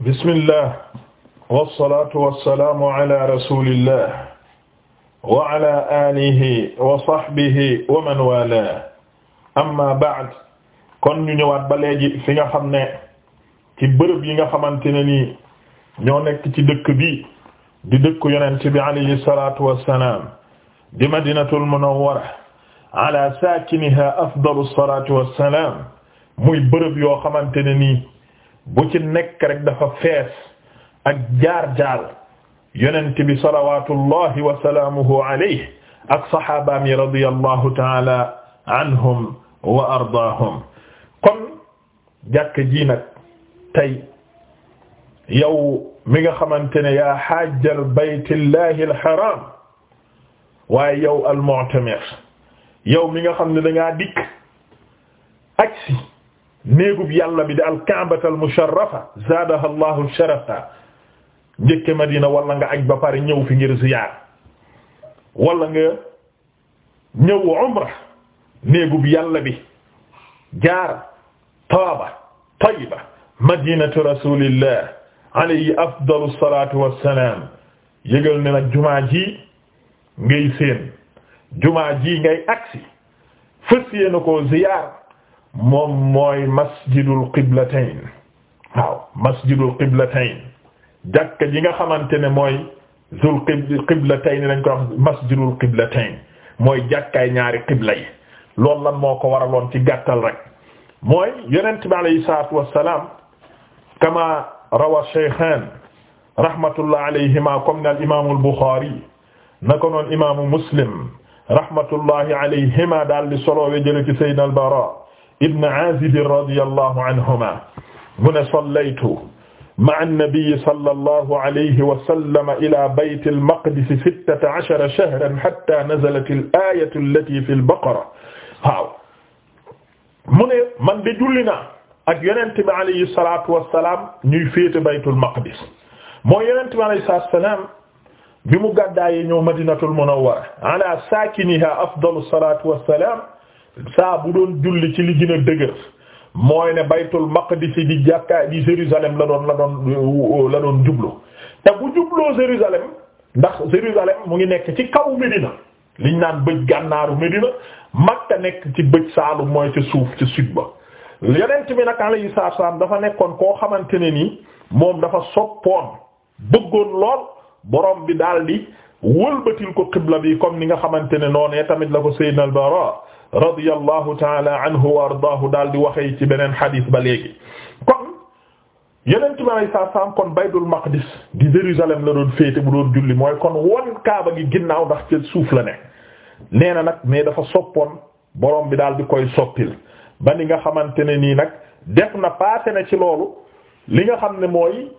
bismillah wasalaatu wasalaamu ala rasulillah wa ala alihi wa sahbihi wa man wala amma ba'd kon ñu ñëwaat ba léegi fi nga xam ne ci bërëb yi nga xamante ne nii ñoo nekk ci dëkk bi di dëkk yonent bi alayhi salaatu wassalaam di madinatul munawwara ala saakiniha afdalu salaatu wassalaam muy bërëb yoo xamante ne nii bu ci nekk rek dafa fees ak jaar-jaar yonent bi salawatullahi wa salaamuhu alayhi ak saxaabaam yi radiyallahu taala anhum wa ardaahum kon jàkk ji nag tey yow mi nga xamante ne yaa xaajal baytillahi alxaram waaye yow almu'tamir yow mi nga xam ne dangaa dikk agsi néegub yàlla bi di alkaabata almusharrafa zaadaha allahu sharafa njëkke nga aj ba pare ñëw fi ngir ziyaar wala nga ñëw umra néegub yàlla bi jaar taaba tayba madinatu rasulillah alayhi afdalu salatu wassalam yëgal ne nag jumaa ji ngay jumaa ji ngay agsi fës yéena koo ziyaar moom mooy masjidul qiblatayn waaw masjidul qiblatayn jàkka ji nga xamante ne mooy zul qiblatayn lañ ko wax masjidul qiblatayn mooy jàkkaay ñaari qibla yi loolu lan moo ko waraloon ci gàttal rek mooy yonent bi alayhi salaatu wassalaam kama rawa shaykhan rahmatullah alayhima comme al imaamul buxaari naka noonu imaamu muslim rahmatullahi alayhima daal di solo we jële ci sayyidina al bara ibn Aazib radiyallahu anhuma mu ne sallaytu ma'a an-nabiyyi sallallahu alayhi wa sallam ila bayt al-maqdis sittata ashara shahran hatta nazalat al-aayatu allati fi al-baqara waaw mu ne man de julli naa ak yonent bi alayhi salaatu wa salaam ñuy féete baytul maqdis mooy yonent bi alayhi salaatu wa salaam bi mu gàddaayee ñëw madinatul munawwara ala saakinihaa afdalu salaatu wa salaam saa bu doon julli ci li gën dëgër mooy ne baytul maqdis di jàkkaay di Jérusalem la doon la doon la doon jublu te bu jubloo Jérusalem ndax Jérusalem mu ngi nekk ci kaw Médina liñ naan bëj gànnaaru Médina Makka nekk ci bëj saalum mooy ca suuf ca sud ba yonent bi nag alayhi salaam dafa nekkoon koo xamante ne ni moom dafa soppoon dëggoon lool boroom bi daal di wëlbatil ko xibla bi comme ni nga xamante ne noonee tamit la ko Seydina al radiyallahu taala anhu wa ardaahu daal di waxee ci beneen xadiis ba léegi kon yeneen ci ma saa saam kon Baytul Maqdis di Jérusalem la doon féete bu doon julli mooy kon won kaaba gi ginnaaw ndax ca suuf la ne nee na nag mais dafa soppoon borom bi daal di koy soppil ba ni nga xamante ne nii nag def na passé na ci loolu li nga xam ne mooy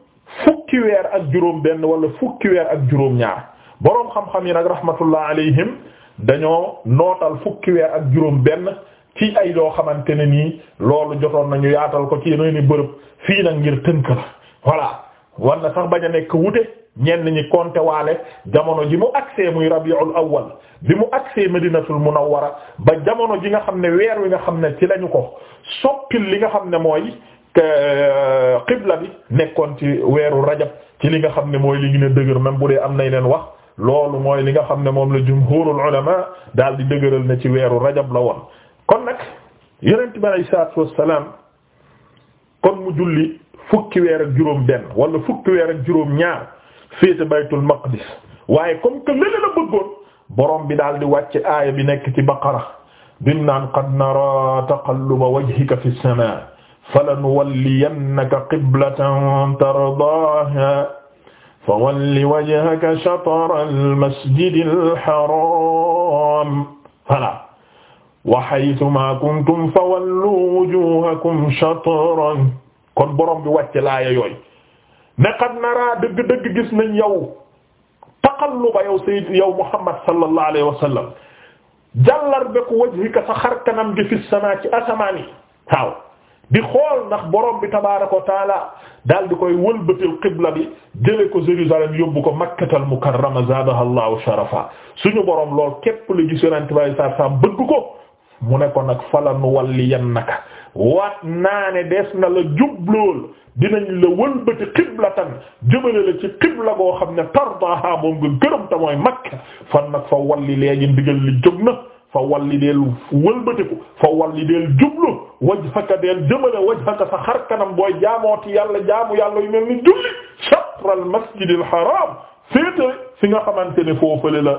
fukki weer ak juróom benn wala fukki weer ak juróom ñaar boroom xam-xam yi nag rahmatullah alayhim dañoo nootal fukki weer ak juróom benn ci ay loo xamante ne nii loolu jotoon nañu yaatal ko ci yeneen i bërëb fii nag ngir tënk la voilà war sax bañ a nekk wute ñenn ñi konte waale jamono ji mu agsee muy rabiul awwal bi mu agsee madinatul munawwara ba jamono ji nga xam ne weer wi nga xam ne ci lañu ko soppil li nga xam ne mooy euh, qibla bi nekkoon ci weeru rajab ci li nga xam ne mooy li gën a dëgër même bu dee am na leen wax loolu mooy li nga xam ne moom la jumhurul ulama daal di dëgëral ne ci weeru rajab la woon kon nag yonent bi alayhi salaatu wassalaam kon mu julli fukki weer ak juróom benn wala fukki weer ak juróom ñaar féete baytul maqdis waaye comme que lële la bëggoon borom bi daal di wàcce aaya bi nekk ci baqara bim naan qad nara taqalluba wajhika fi samaa falanuwalliyannaka qiblatan tardaha fawalli wajhaka shatral masjidil haram voilà wa haythuma kuntum fawallu wujuhakum shatran kon borom bi wàcce laaya yooyu ne qad nara dëgg-dëgg gis nañ yow taqalluba yow sayyid yow Muhammad sallallahu alayhi wa sallam jàllar beku wajhika sa xar kanam gi fi sama ci asamaan yi waaw di xool ndax borom bi tabaaraka wa taala daal di koy wëlbatil qibla bi jële ko Jérusalem yóbbu ko makkatal mukarrama zaadaha Allahu sharafa suñu borom lool képp la gis yonent bi saa saa bëgg ko mu ne ko nag fala nu walliyannaka waat naa ne des na la jublool dinañ la wëlbati qiblatan jëmale la ci qibla goo xam ne tardaha moom nga gërëm te mooy Makka fan nag fa walli léegi ndigal li jóg na. fa walli deel wëlbatiku fa walli deel jublu wajhaka deel jëmale wajhaka sa xar kanam booy jaamooti yàlla jaamu yàlla yu mel ni julli shatral masjidil haram féete fi nga xamante ne foofale la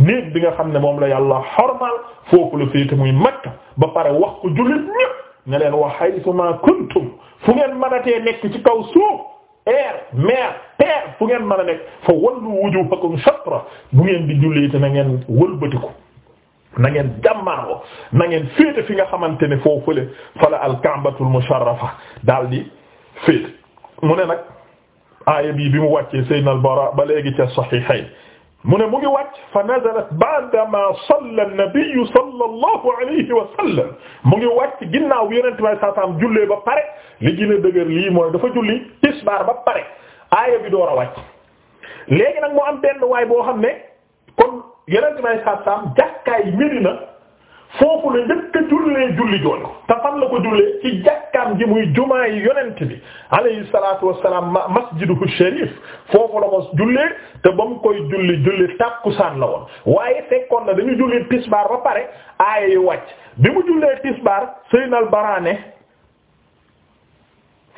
bi nga xam ne moom la yàlla xormal foofu la féete muy Makka ba pare wax ko jullit ñépp ne leen wa haythuma kuntum fu ngeen mënatee nekk ci kaw suuf air mer terre fu ngeen mën a nekk fa wallu wujuhakum shatra bu ngeen di jullee te na ngeen wëlbatiku na ngeen jàmmaaroo na ngeen fi nga xamante ne foofu le fala alkaabatul musharrafa daal di féete mu ne nag aaya bii bi mu wàccee sayyidina al-Bara ba léegi ca sahihayn mu ne mu ngi wàcc fa nazalat ba'dama salla an-nabiy sallallahu alayhi wa mu ngi wàcc ginnaaw yonent bi saasaam jullee ba pare li gën a dëgër lii mooy dafa julli tisbaar ba pare aaya bi door a nag moo am waay boo xam ne yeneen di may saam jàkkaay Medina foofu la njëkk a jullee julli jooju te fan la ko jullee ci jàkkaam ji muy jumaa yi yonent bi alayhi salaatu wassalaam masjiduhu sharif foofu la jullee te ba mu koy julli julli tàkkusaan la woon waaye fekkoon na dañu julli tisbaar ba pare aaya yi wàcc bi mu jullee tisbaar sëynal baraane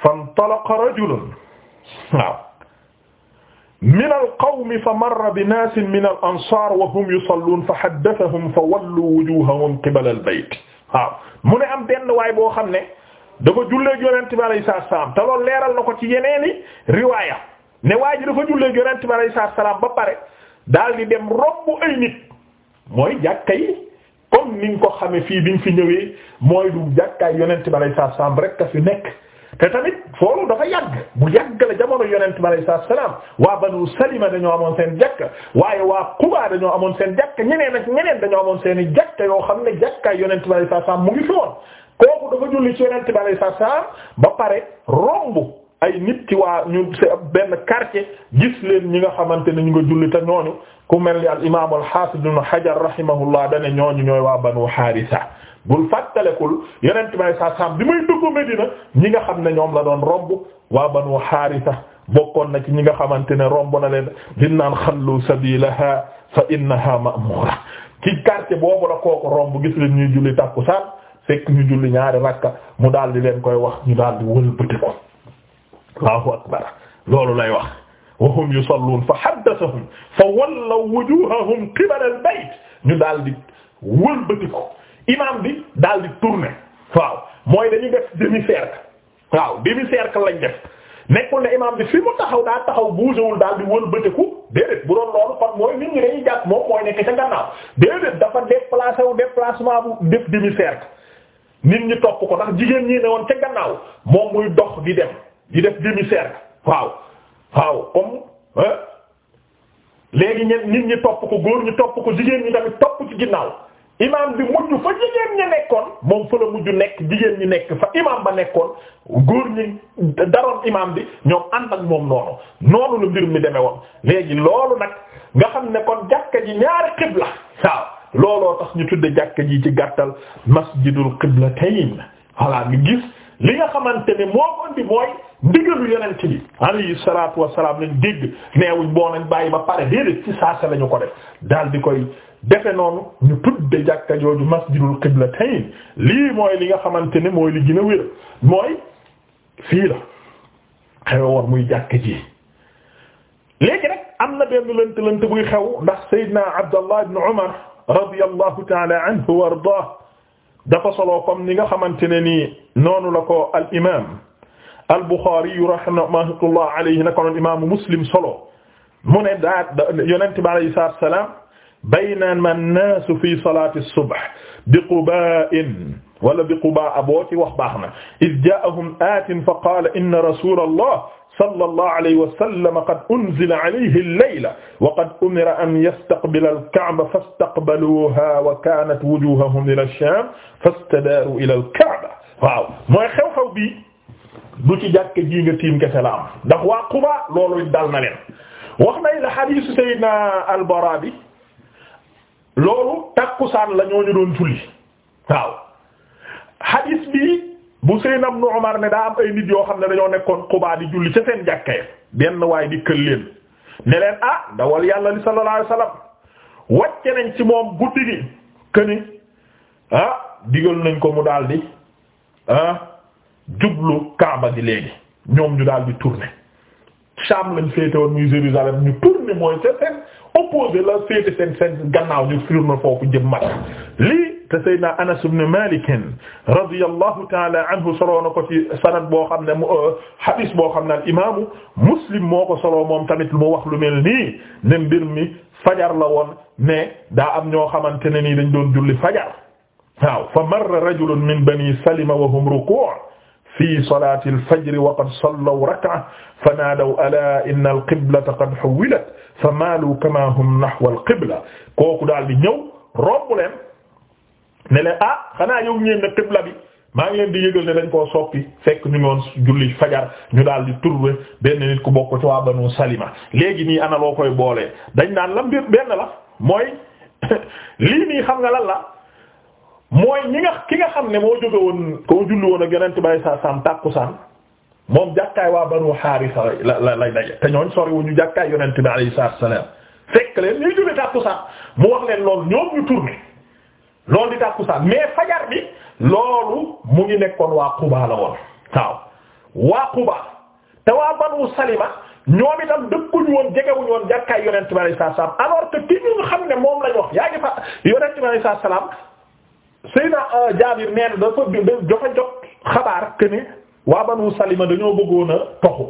fantalaqa rajulun waaw min alqawmi fa marra bi naasin min al ansaar wa hum yusalluun fa haddathahum fa wallu wujuuhahum qibala al bayt waaw mu ne am benn waay boo xam ne dafa julleeg yonent bi alayhi salaatu salaam te loolu leeral na ko ci yeneeni riwaaya ne waa ji dafa julleeg yonent bi alayhi salaatu ba pare daal di dem romb ay nit mooy jàkka yi comme ko xame fii biñ fi ñëwee mooy du jàkkaay yonent bi alayhi salaatu salaam rek a fi nekk te tamit foolu dafa yàgg bu yàgg la jamono yonent bi alayhi salaatu salaam waa banu salima dañoo amoon seen jàkka waaye waa Quba dañoo amoon seen jàkka ñeneen ak ñeneen dañoo amoon seen i jàkka yoo xam ne jàkkaay yonent bi alayhi salaatu salaam mu ngi fi woon kooku dafa julli ci yonent bi alayhi salaatu salaam ba pare romb. ay nit ci waa ñu benn quartier gis leen ñi nga xamante ne ñu nga julli te ñooñu ku mel ni al imaam al haafid ibn hajar rahimahullah dane ñooñu ñooy waa banu haarisa bul fàttalekul yeneen may sa sam bi muy dugg Medina ñi nga xam ne ñoom la doon romb waa banu haarisa bokkoon na ci ñi nga xamante ne romb na leen naan xallu sabilaha fa innaha ma'mura ci quartier boobu la kooku romb gis leen ñuy julli tàkkusaan fekk ñu julli ñaari rakka mu daal di leen koy wax ñu daal di Allahu akbar loolu lay wax wa hum yusalluun fa haddathahum fa wallaw wujuuhahum qibala al-bayt ñu daal di ko imaam bi daal di tourner waaw mooy dañu def demi-cercle waaw demi-cercle lañ def nekkul ne imaam bi fi mu taxaw daa taxaw bougéwul daal di wëlbatiku déedéet bu doon loolu kon mooy nit ñi dañuy jàpp moom mooy nekk ca gannaaw déedéet dafa déplacé wu déplacement bu def demi-cercle nit ñi topp ko ndax jigéen ñii ne woon ca gannaaw moom muy dox di dem. di def demi-cercle waaw waaw comme léegi ñen nit ñi topp ko góor ñi topp ko jigéen ñi tamit topp ci ginnaaw imaam bi mujj fa jigéen ñi nekkoon moom fa la mujj nekk jigéen ñi nekk fa imaam ba nekkoon góor ñi daroon imaam bi ñoom ànd ak moom noonu noonu la mbir mi demee woon léegi loolu nag nga xam ne kon jàkka ji ñaari xibla waaw looloo tax ñu tudde jàkka ji ci gàttal masjidul qiblatayn voilà nga gis li nga xamante ne moo ko indi mooy ndigalu yonent bi alayhi salaatu wassalaam lañ dégg neewuñ boo nañ bàyyi ba pare déedéet ci saasa lañu ko def daal di koy defe noonu ñu tudde jàkka jooju masjidul qiblatayn lii mooy li nga xamante ne mooy li gën a mooy fii la xewe woon muy jàkka ji léegi am na benn lënt lënt buy xew ndax Seydina Abdallah ibn Umar radiyallahu ta'ala anhu wa ardaah dafa solo comme ni nga xamante ne nii noonu la ko al imaam al-Bukhari rahmatullah alayhi naka noonu imaamu Muslim solo mu ne daa yonent bi alayhi salaatu wa salaam baynama an-naasu fi salaati as-subh bi Qubaa'in wala bi Qubaa'a boo ci wax baax na iz jaa'ahum aatin fa qaala inna rasuulallah sallallahu alayhi wa sallam qad unzila alayhi al-layla wa qad umira an yastaqbila al-Ka'ba fastaqbaluuhaa wa kaanat wujuuhahum ila ash-Shaam fastadaaruu ila al-Ka'ba waaw mooy xew-xew bi du ci jàkk jii nga tiim kese la am ndax waa Quba loolu dal na leen wax nañ la hadiisu Seydina Al-Baraa bi loolu takkusaan la ñoo ñu doon julli waaw hadiis bi bu Seydina Ibnu Umar ne daa am ay nit yoo xam ne dañoo nekkoon Quba di julli ca seen jàkkee benn waay di kël leen ne leen ah dawal yàlla li sallallahu alayhi wasallam nañ ci moom guddi gi këni ah digal nañ ko mu daldi ah jublu Kaaba gi léegi ñoom ñu daal di tourner Sham lañ féete woon muy Jérusalem ñu tourner mooy seen seen opposé la féete seen seen gannaaw ñu tourner foofu jëm Makka te Seydina Anas ibn Malik radiyallahu ta'ala anhu soloo na ko ci sanad boo xam ne euh, hadith boo xam ne al Muslim moo ko moom tamit mu wax lu mel nii ne mbir mi fajar la woon ne daa am ñoo xamante ne nii dañ doon julli fajar waaw fa marra rajulun min bani Salima wa hum ruku' fi salaati alfajri wa qad sallaw rak'a fanaadaw alaa inna alqiblata qad huwilat famaalu kamaa hum nahwa alqibla kooku daal di ñëw romb leen ne leen ah xanaa yow ñeen na qibla bi maa ngi leen di yëgal ne dañ koo soppi fekk ñu ngi woon julli fajar ñu daal di turbe benn nit ku bokk ci waa banu salima léegi nii ana loo koy boolee dañ naan lam biir benn la mooy lii nii xam nga lan la mooy ñi nga ki nga xam ne moo jóge woon koo julli woon ak yonent bay sa sam tàkkusaan moom jàkkaay waa banu xaarisa la la lay daje te ñooñ sori wu ñu jàkkaay yonent bi alayhi salaam fekk leen ñuy julli tàkkusaan mu wax leen loolu ñoom loolu di tàkkusaan mais fajar bi loolu mu ngi nekkoon waa Quba la woon waaw waa te waa banu Salima ñoom itam dëkkuñu woon jegewuñu woon jàkkaay yonent bi alayhi salaam alors que ki ñu xam ne moom lañ wax yaa ngi fa yonent bi alayhi salaam Seyna euh, Jaabir nee na dafa dafa jot xabaar que ne waa Banu Salima dañoo bëggoon a toxu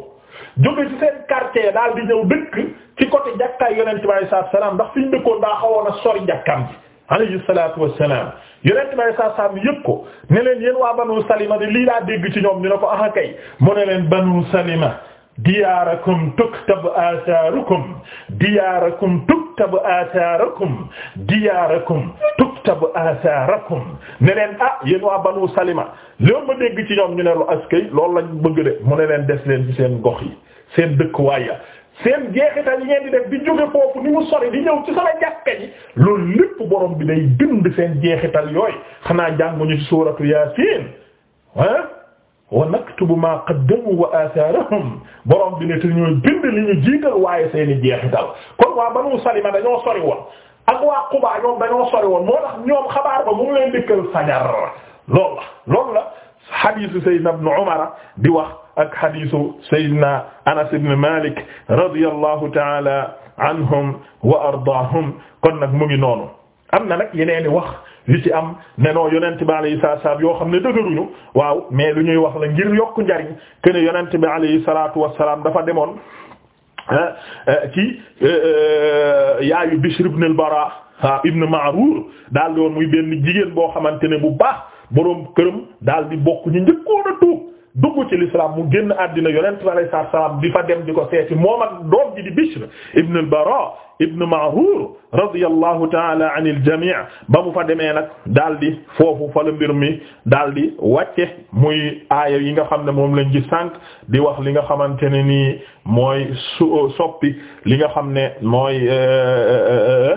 jóge ci seen quartier daal di ñëw dëkk ci côté jàkkaay Yonent bi alayhi salaatu wa salaam ndax fi ñu dëkkoon daa xawoon a sori jàkkaam ji alayhi salaatu wa salaam Yonent bi alayhi salaatu yëpp ko ne leen yéen waa Banu Salima de lii laa dégg ci ñoom ñu ne ko ah kay mu ne leen Banu Salima. diyaarakum tuktab athaarukum diyaarakum tuktab athaarukum diyaarakum nuttab atharakum ne leen ah yéen waa banu salima léon ma dégg ci ñoom ñu ne lu askay loolu lañu bëgg de mu ne leen des leen ci seen gox yi seen dëkkuwaay seen jeexital yi ngeen di def di jóge bi day bind seen jeexital yooyu xanaa jànguñu ci suuratu yaasiin ah wa naktubu maa qaddamu wa athaarahum bi ne te waaye seen i jeexital kon waa banu salima dañoo sori woon ak waa Quba ñoom dañoo sori woon ba mu ngi leen dëkkal fajar loolu la loolu la xadiisu Seydina di wax ak xadiisu Seydina Anas ibn Malik radiyallahu ta'ala anhum wa ardaahum kon nag mu ngi noonu am na nag yeneen i wax yu ci am ne noo yonent bi alayhi salaatu salaam yoo xam ne dëgëruñu waaw mais lu ñuy wax la ngir yokk njariñ que ne yonent bi alayhi salaatu wa salaam dafa demoon ci euh, euh, euh, yaayu Bishr ibn al-Bara ah, ibn Ma'rur daal di woon muy benn jigéen boo xamante ne bu baax boroom këram daal di bokk ñu njëkkoon a tuub dugg ci l'islam mu génn àddina yonent bi alayhi salaam di fa dem di ko seeti moom ak doom ji di Bishr ibn al-Bara ibn Ma'rur radiyallahu ta'ala anil jami' ba mu fa demee nag daldi foofu fa la mbir mi daldi wàcce muy aaya yi nga xam ne moom lañ ci sànq di wax li nga xamante ne nii mooy euh, soppi li nga xam ne mooy euh, euh,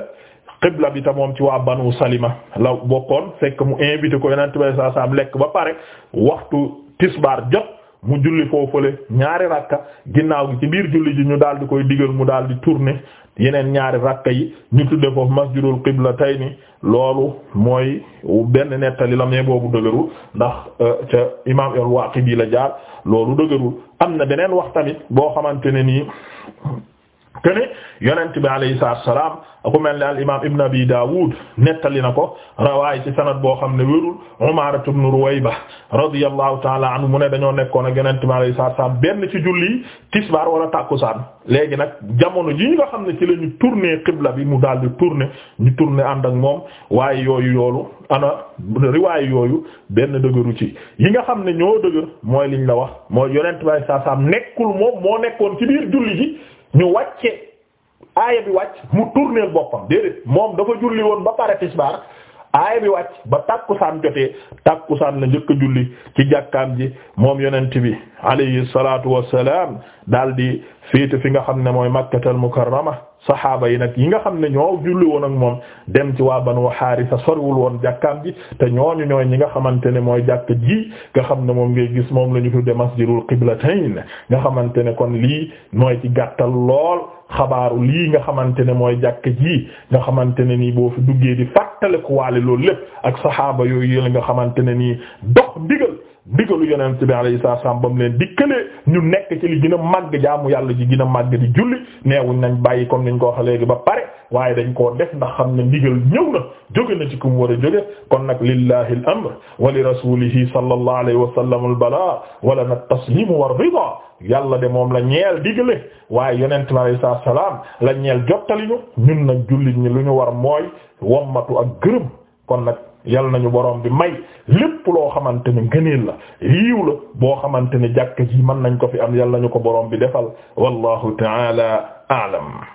qibla bi ta moom ci waa Banu Salima la bokkoon fekk mu invité ko yonent bi lekk ba pare waxtu tisbaar jot mu julli foofule ñaari rakka ginnaaw gi ci biir julli ji ñu daal di koy digal mu daal di tourner yeneen ñaari rakka yi ñu tudde foofu masjidul qiblatayni loolu mooy benn nettali la mais boobu dëgërul ndax euh, ca imaam al-Waaqidi la jaar loolu dëgërul am na beneen wax tamit boo xamante ne nii te këne yonent bi alayhi salaam ku mel ne al imaam Ibn Abi Daawud nettali na ko rawaay ci sanad boo xam ne wérul Umaaratu ibn Ruwayba radiyallahu taala anhu mu ne dañoo nekkoon ak yonent bi alayhi salaam benn ci julli tisbaar wala tàkkusaan léegi nag jamono ji nga xam ne ci la ñu tourné qibla bi mu daal di tourné ñu tourné ànd ak moom waaye yooyu yoolu ana riwaay yooyu benn dëgëru ci yi nga xam ne ñoo dëgër mooy liñ la wax mooy yonent bi alayhi salaam nekkul moom moo nekkoon ci biir ñu wàcce aaya bi wàcc mu tourner boppam déedéet moom dafa julli woon ba pare tisbaar aaya bi wàcc ba tàkkusaan jotee tàkkusaan la njëkk a julli ci jàkkaam ji moom yonent bi alayhi salaatu wassalaam di féete fi nga xam ne mooy makkatal mukarrama saxaaba yi nag yi nga xam ne ñoo julli woon ak moom dem ci waa Banu Haarisa soriwul woon jàkkaam ji te ñooñu ñooy ñi nga xamante ne mooy jàkk ji nga xam ne moom ngay gis moom la ñu tudde masjidul qiblatayn nga xamante ne kon lii mooy ci gàttal lool xabaaru lii nga xamante ne mooy jàkk ji nga xamante ne nii boo fi duggee di ku waale loolu lépp ak saxaaba yooyu yële nga xamante ne nii dox ndigal digalu yonent bi alayhi salaam ba mu leen dikkalee ñu nekk ci li gën a màgg jaamu yàlla ji gën a màgg di julli neewuñ nañ bàyyi ni ñu ko wax léegi ba pare waaye dañ koo def ndax xam ne ndigal ñëw na jóge na ci ku mu war a jóge kon nag lillahi al amr wa li rasulihi sallallahu alayhi wa sallam al balaa wala na taslim war rida yàlla de moom la ñeel digale waaye yonent bi alayhi salaam la ñeel jottali ñu ñun nag jullit ñi lu ñu war mooy wommatu ak gërëm kon nag yal nañu borom bi may lépp loo xamante ne ngëneel la yiiw la boo xamante ne jàkk mën nañ ko fi am yal nañu ko boroom bi defal wallahu ta'ala aalam